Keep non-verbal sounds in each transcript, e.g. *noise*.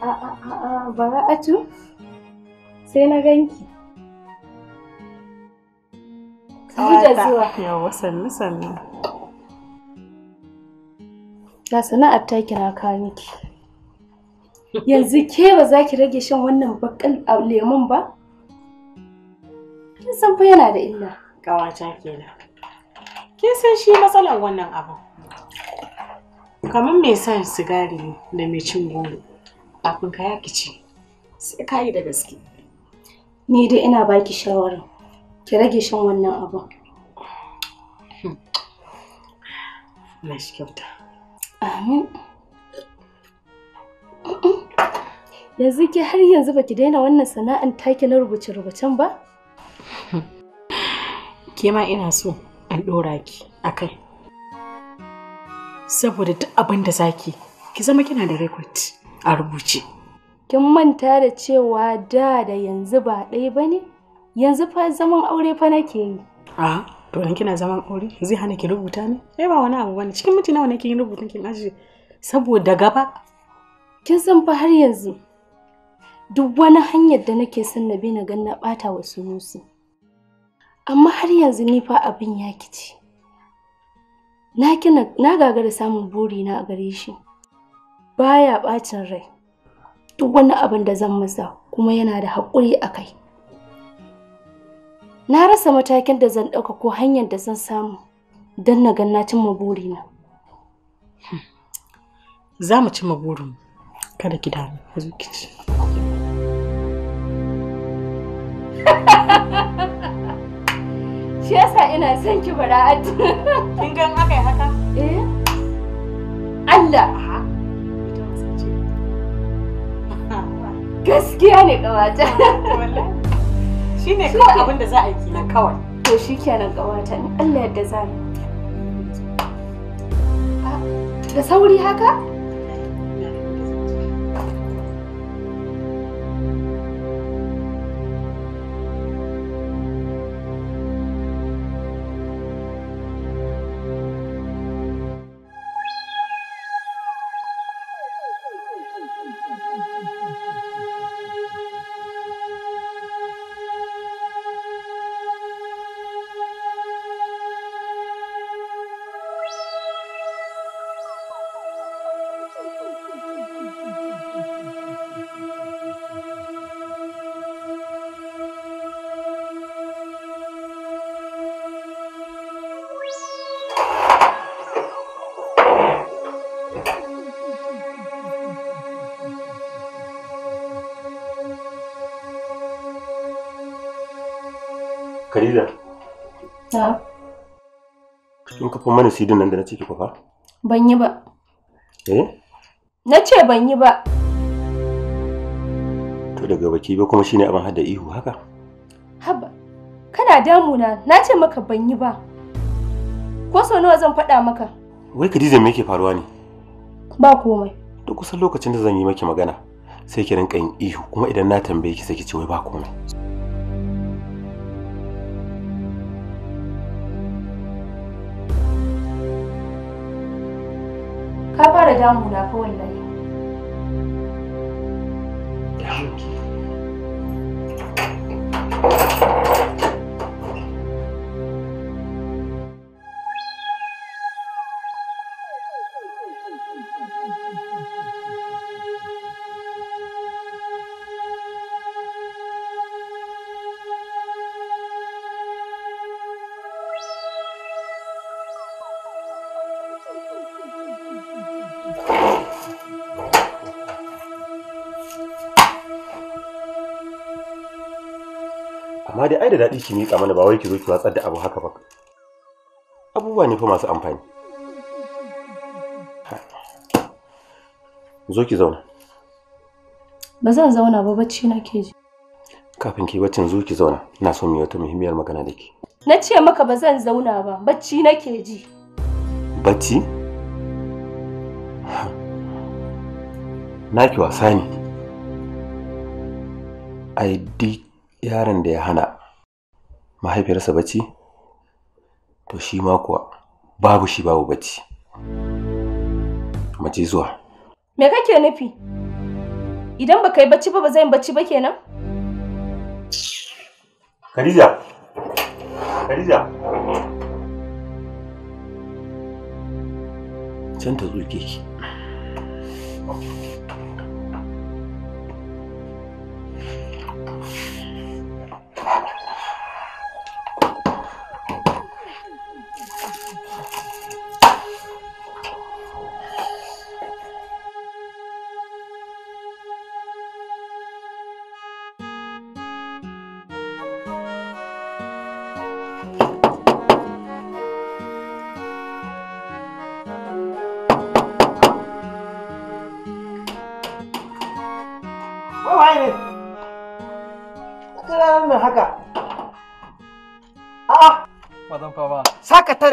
A'a, bara'atu, sai na ganki. Kamu da sannu sannu. Ga sana'ar ta na kawo miki. Yanzu ke ba za ki rage shan wannan bakal lemon ba? Kin san fa yana da illa. Kawata kenan. Kin san shi matsalar wannan abu. Kamar mai son sigari da mai cin goro. kafin ka yaki ce sai ka yi da gaske ni dai ina baki shawara ki rage shan wannan abun Allah shi kyauta amin yanzu ke har yanzu baki daina wannan sana'an take na rubuce-rubucen ba ke ma ina so an ɗora ki a kai saboda duk abin da zaki ki zama kina da rekod a rubuce. Kin manta da cewa da da yanzu ba ɗaya ba ne? Yanzu fa zaman aure fa nake yi. A to in kina zaman aure zai hana ki rubuta ne? Eh ba wani abu bane cikin miti nawa nake yin rubutun kin ajiye saboda gaba. Kin san fa har yanzu duk wani hanyar da nake son na bi na gan na ɓata wa sunusi. Amma har yanzu ni fa abin ya kici. Na gagara samun burina a gare shi. baya ɓacin rai duk wani abin da zan masa kuma yana da haƙuri a kai na rasa matakin da zan ɗauka ko hanyar da zan samu don na ganna na cimma burina hmm. za mu cimma burin kada ki da zo ki ci *laughs* shi yasa ina son ki bara'at kin gan yi haka eh Allah gaskiya ne kawata ah, shi ne kawai abin da za a yi kenan kawai to shi kenan kawata ne allah yadda za mu ah, da sauri haka Kin kafa mana sidin nan da na ce ki kafa? Ban yi ba. Eh? Na ce ban yi ba. To daga baki ba kuma shine abin hada ihu haka? Haba. Kana damuna, na ce maka ban yi ba. Ko sau nawa zan faɗa maka? Wai Khadija me yake faruwa ne? Ba komai. Duk kusan lokacin da zan yi maki magana sai ki rinka yin ihu kuma idan na tambaye ki sai ki ce wai ba komai. ka fara na fa wallahi amma dai ai da daɗi ki miƙa mana ba wai ki zo ki watsar da abu haka ba abubuwa ne fa masu amfani zo ki zauna ba zan zauna ba bacci ke ji kafin ki baccin zo ki zauna ina son mu wata muhimmiyar magana da ke na ce maka ba zan zauna ba bacci na ke ji bacci ki wasa ne ai duk yaron da ya hana mahaifiyarsa bacci to shi ma kuwa babu shi babu bacci mace zuwa me kake nufi idan baka yi bacci ba ba zai yi bacci ba kenan Khadija Khadija can ta zo ki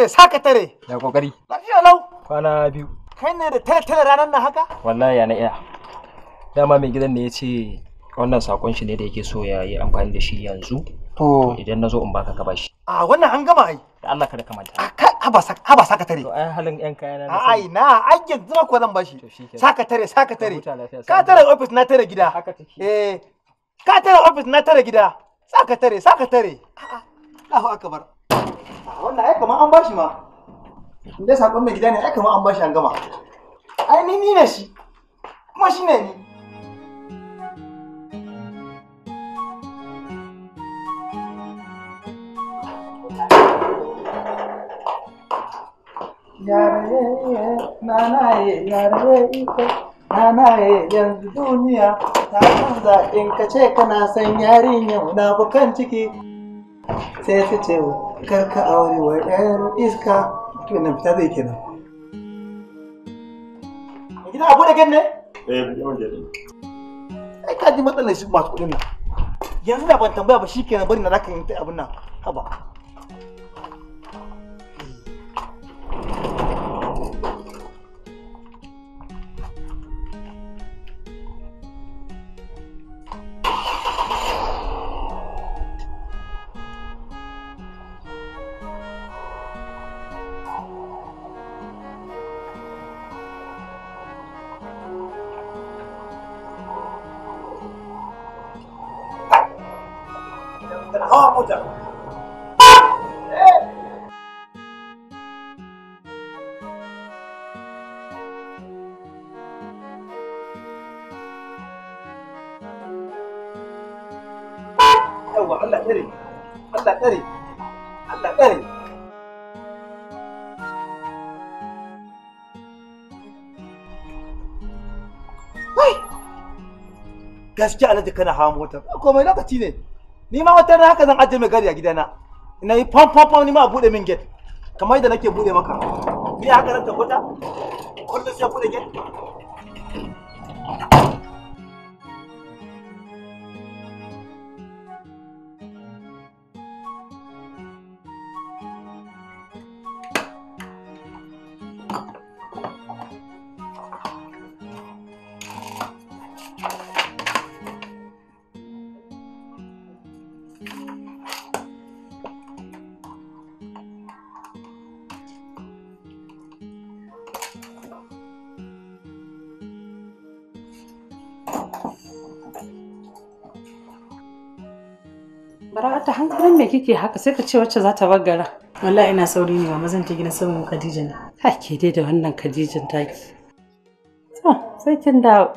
sakatare sakatare ya kokari lafiya lau kwana biyu kai ne da tare tare ranar nan haka wallahi ya na iya dama mai gidan ne ya ce wannan sakon shi ne da yake so ya yi amfani da shi yanzu to idan na zo in baka ka bashi a wannan an gama ai da Allah kada ka manta haba sakatare to ai halin yan kaya na ai na ai yanzu ma ko zan bashi sakatare sakatare ka tare office na tare gida eh ka tare office na tare gida sakatare sakatare Allahu akbar wannan ai kamar an bashi ma in dai sakon mai gida ne ai kamar an bashi an gama ai ni ni ne shi kuma shi ne ni yare nanaye yare ita nanaye yanzu duniya ta canza in ka ce kana san yarinyar na bukan ciki sai ta ce karka aure wa ɗayan iska to na fita zai kenan gida abu da gan ne eh yawan gari ai ka ji matsalar shi masu kuɗin nan yanzu da ban tambaya ba shikenan bari na zaka yi abin nan haba gaskiya alhaji kana hawa motar komai lokaci ne ni ma wata ran haka zan ajiye mai gari a gidana na yi pom pom fam ni ma bude min gate kamar yadda nake bude maka ni haka nan tabbata kullum sai bude gate kike haka sai ka ce wacce za ta bagara. Wallahi ina sauri ne mama zan ta saman samun Khadija ne. Ha ke dai da wannan Khadijan ki. To sai kin dawo.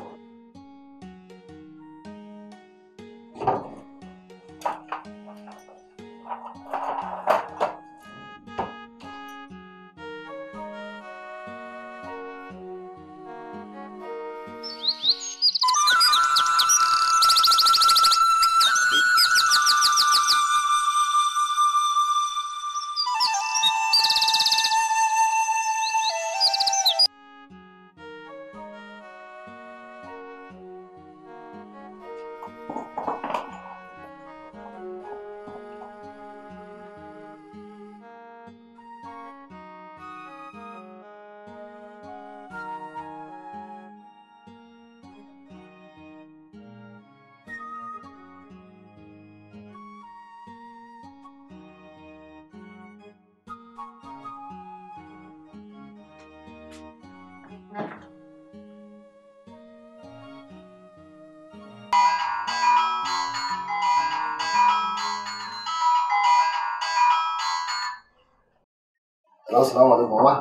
Assalamu alaikum ma.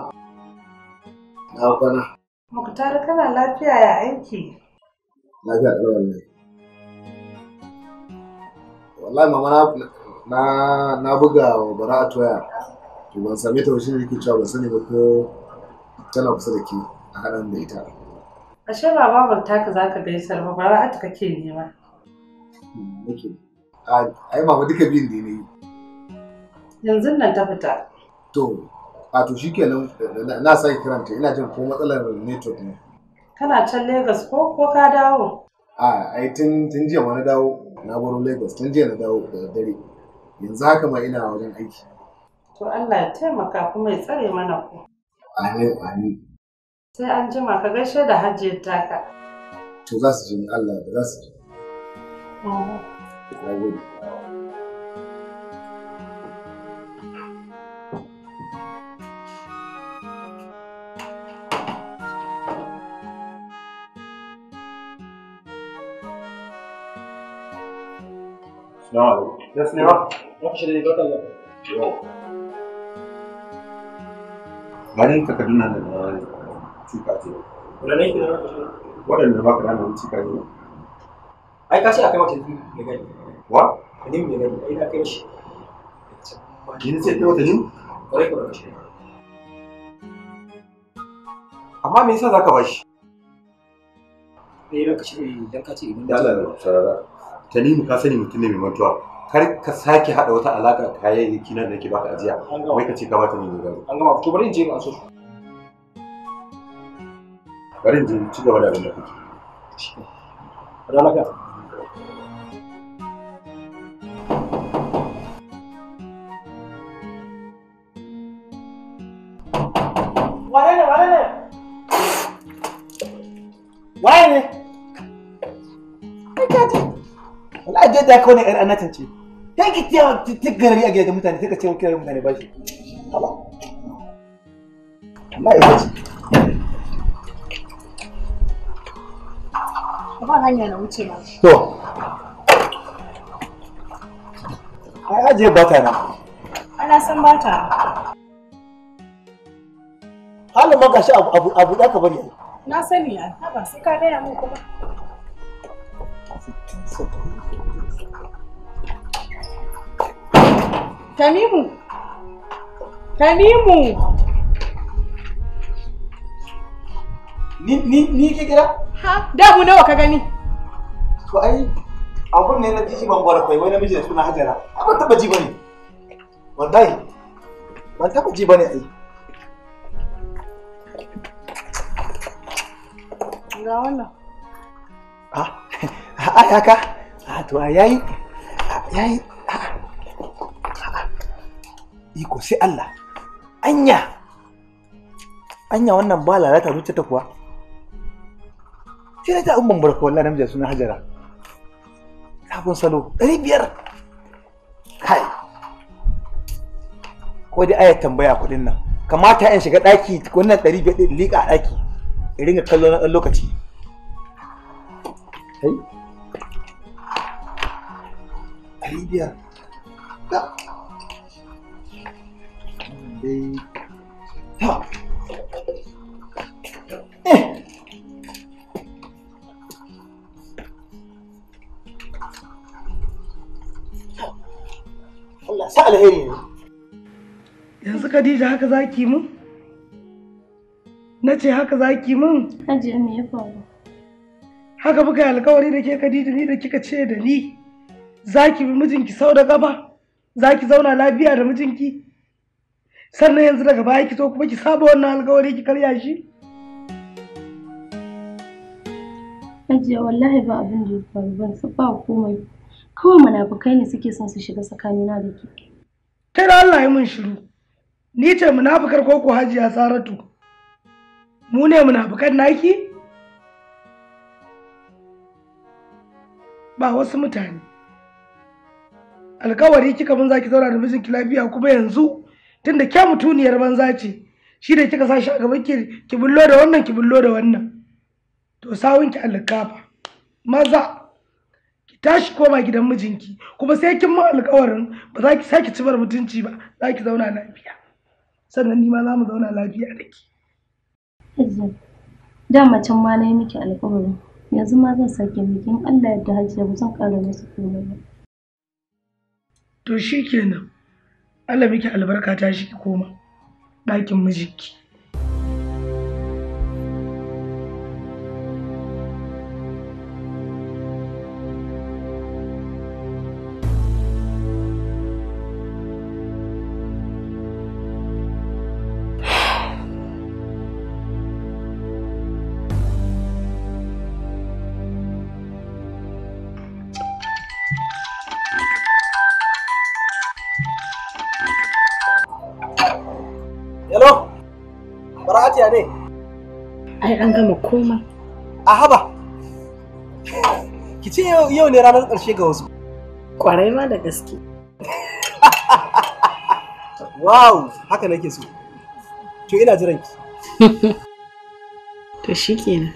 Na kwana. Muktar kana lafiya ya aiki? Lafiya da wallahi. Wallahi mama na na buga wa Bara'atu waya. To ban same ta ba shi ne yake cewa ban sani ba ko tana kusa da ke a haɗan da ita. Ashe ba babar taka za ka gaisar ba Bara'atu kake nema. Nake. Ai mama duka biyun dini. ne. Yanzu nan ta fita. To, a to shi kenan na sake kiranta ina jin ko matsalar network ne kana can lagos ko ko ka dawo a ai tun tun jiya wani dawo na baro lagos tun jiya na dawo da dare yanzu haka ma ina wajen aiki to allah ya taimaka kuma ya tsare mana ku amin amin sai an jima ka gaishe da hajji taka to za su ji allah da za su ji mm-hmm. na gode السلام عليكم يا va. a ne ba kallon ganin takardun nan da na ce wadannan ke da wadannan ba ka nan cuka ne ai ka ce akai wata gani wa a ne gani a da kai shi yin sai wata kwarai kwarai amma me yasa zaka bashi eh shi dan ka ce idan sarara tanimu ka sani mutum ne mai mantuwa kar ka sake haɗa wata alaka kayayyaki na da nake baka ajiya wai ka ce ka bata ne gaba an gama to bari in je in aso bari in je ci gaba da abin da kake da alaƙa ta aka wani ƴar annatin ce ta ki ta ta garari a gidajen mutane sai ka ce wa kiran mutane ba shi haba amma ce ba hanya na wuce to ai aje ba ta na ana san ba ta halin ma gashi abu abu da ba na sani ya ba sai ka gaya kuma Tanimu Tanimu. Ni, ni, ni ke gida? Ha, damu nawa ka gani? To ai, abun ne na ji ban gwara kwai wai namiji da suna hajara. Abun taba ji bane. Wallahi, ban taba ji bane ai. Ga wannan. Ha, ah, *laughs* ai haka? a to yayi yayi iko sai Allah anya anya wannan ba lalata zuciya ta kuwa sai ta umman barka wallahi namiji suna hajara sabon salo 500 kai ko dai ayat tambaya kudin nan kamata in shiga daki wannan 500 din lika daki in ringa kallon lokaci Hey. ɗari biyar da dai eh. ta Allah sa alheri ne yanzu Khadija haka zaki mun na ce haka zaki mun Hajiya me ya faru haka buka alkawari da ke Khadija ni da kika ce da ni za ki bi mijinki sau da gaba za ki zauna lafiya da mijinki sannan yanzu daga baya ki zo kuma ki saba wannan alkawari ki karya shi Ajiya wallahi ba abin da ya faru ban su ba komai kawai munafukai ne suke son su shiga tsakanina da ke kai da Allah ya mun shiru ni ce munafukar koko Hajiya Saratu mu ne munafukan naki ba wasu mutane alkawari kika mun zaki zauna da mijinki lafiya kuma yanzu tunda kya mutuniyar banza ce shi da kika sashi a gaban ki ki bullo da wannan ki bullo da wannan to sawun ki alkafa maza ki tashi koma gidan mijinki kuma sai kin mu alkawarin ba za ki saki cibar mutunci ba za ki zauna lafiya sannan ni ma za mu zauna lafiya da ki da macen ma na yi miki alkawarin yanzu ma zan sake miki in Allah ya yarda hajiya ba zan ƙara musu komai ba to shi kenan Allah miki albarka ta shi ki koma ɗakin mijinki an gama koma. A haba. Ki ce yau ne ranar ƙarshe ga wasu. Kwarai ma da gaske. Wow, haka nake so. To ina jiran ki. *laughs* to shikenan.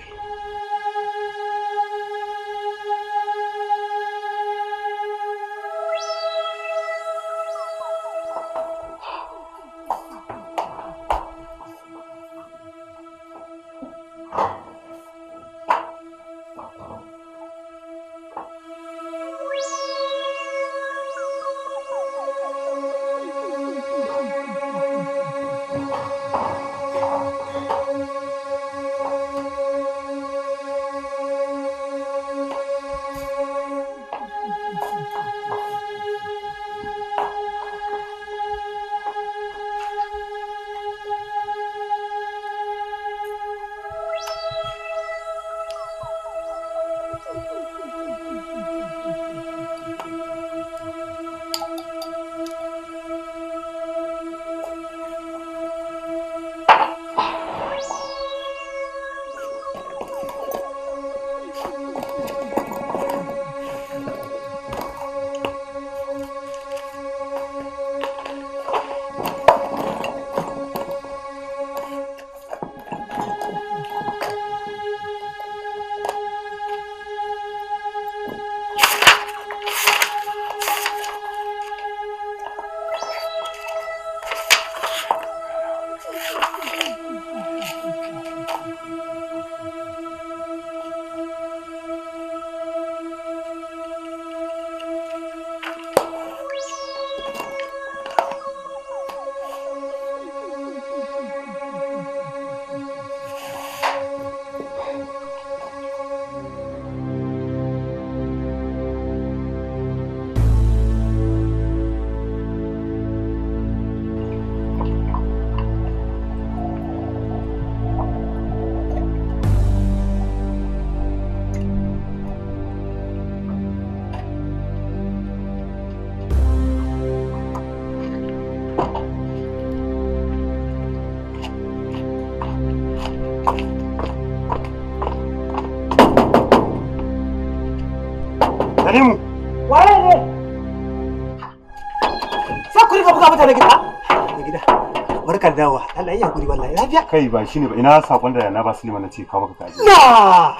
na yi wallahi lafiya kai ba shine ba ina sakon da na ba Sulima na ce ka maka kaji na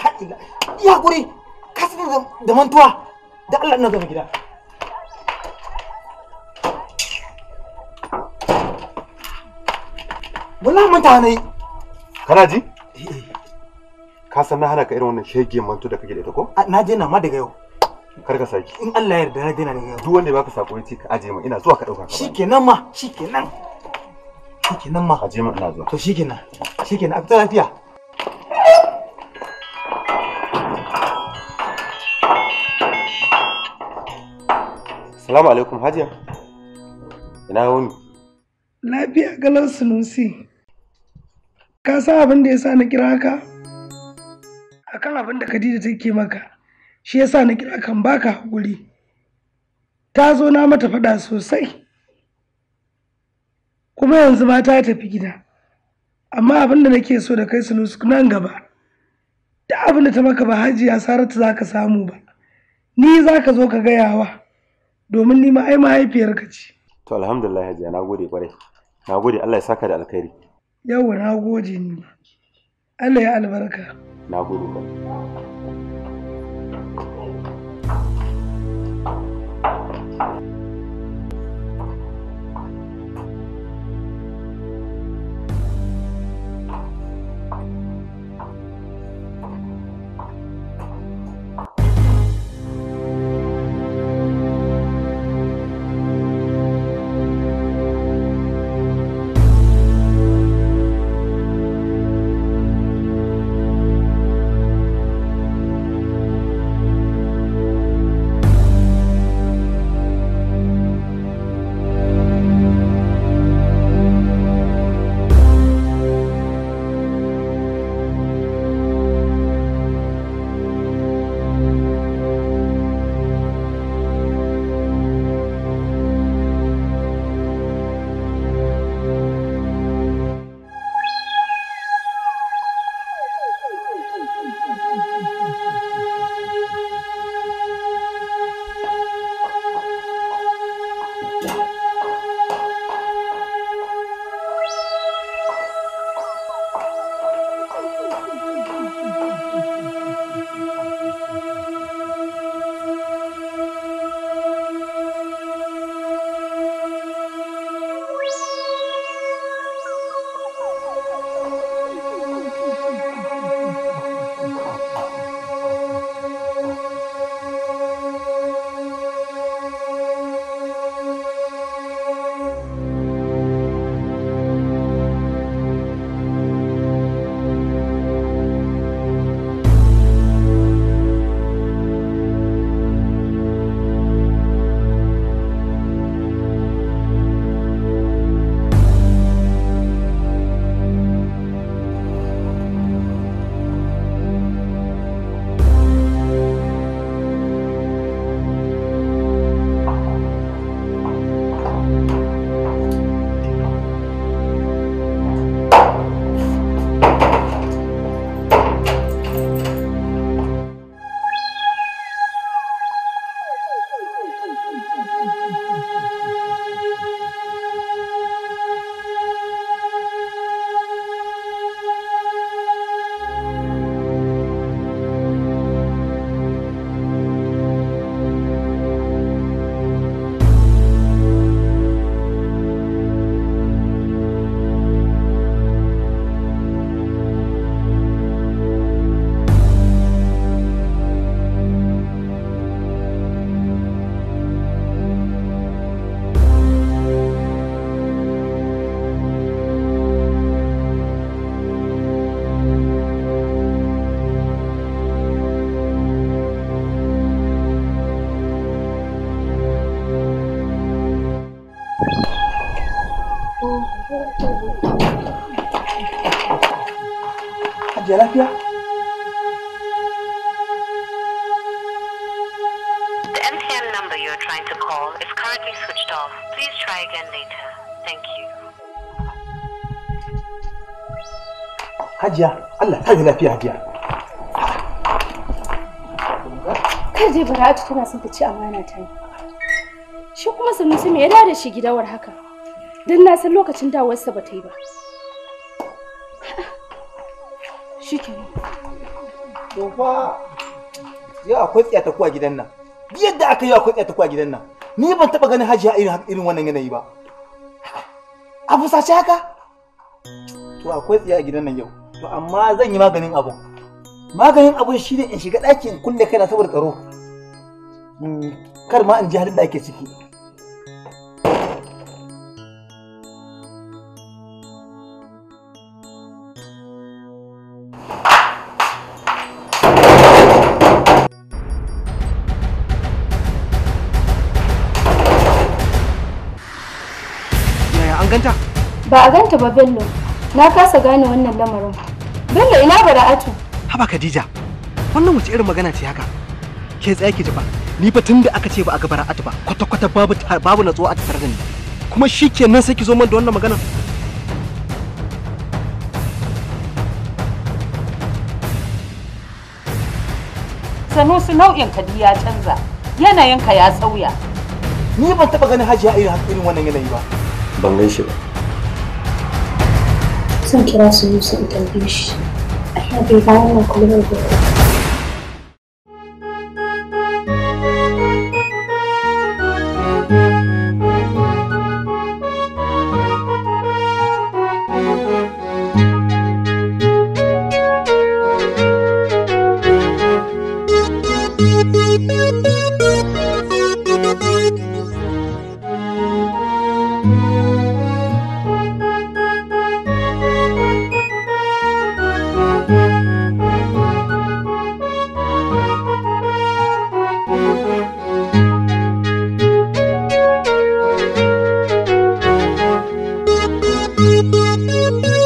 haƙila ya hakuri ka san da mantuwa da Allah na zama gida wallahi ta ne kana ji eh, eh. ka san na hana ka irin wannan shege mantu da kake da ita ko na je na ma daga yau kar ka saki in Allah ya yarda na je na daga duk wanda ya baka sako ya ce ka aje mu ina zuwa ka dauka shikenan ma shikenan shikenan ma aje mun ina zuwa to shikenan shikenan a fita lafiya Salamu alaikum Hajiya. Ina wuni? Lafiya galar Sunusi. Ka san abin da ya sa na kira ka? Akan abin da Khadija take maka. Shi ya sa na kira kan baka guri. Ta zo na mata faɗa sosai. kuma yanzu ma ta tafi gida amma abin da nake so da kai sunusu nan gaba da abin da ta maka ba hajiya saratu za ka samu ba ni za ka zo ka gayawa domin ni ma ai mahaifiyarka ce to alhamdulillah hajiya na gode kwarai na gode allah ya saka da alkhairi yawa na gode ni allah ya albarka na gode kwarai hajiya lafiya? Hajiya, Allah ta yi lafiya hajiya. Kaje Bara'atu tana son ta ci amana ta yi Shi kuma Sanusi me ya da shi gidawar haka? Don na san lokacin dawarsa ba ta yi ba. shi ke fa akwai tsiyata ku a gidan nan yadda aka yi akwai tsiyata ku a gidan nan ni ban taba ganin hajiya irin irin wannan yanayi ba a fusace haka to akwai tsiya a gidan nan yau to amma zan yi maganin abu maganin abu shine in shiga ɗakin kulle kaina saboda tsaro hmm, kar ma in ji halin da ake ciki Ba a ganta ba Bello. Na kasa gane wannan lamarin. Bello ina bara'atu. Haba Khadija. Wannan wace irin magana ce haka? Ke tsaya ki ji ba. Ni fa tunda aka ce ba a ga bara'atu ba, kwata-kwata babu babu natsuwa a tattare da ni. Kuma shikenan sai ki zo min da wannan magana. su nau'in kadi ya canza, yanayinka ya sauya. Ni ban taɓa ganin hajiya irin wannan yanayi ba. Ban gan shi ba. son kira su yi su interview shi. A ina bai bayan na gobe. 嗯。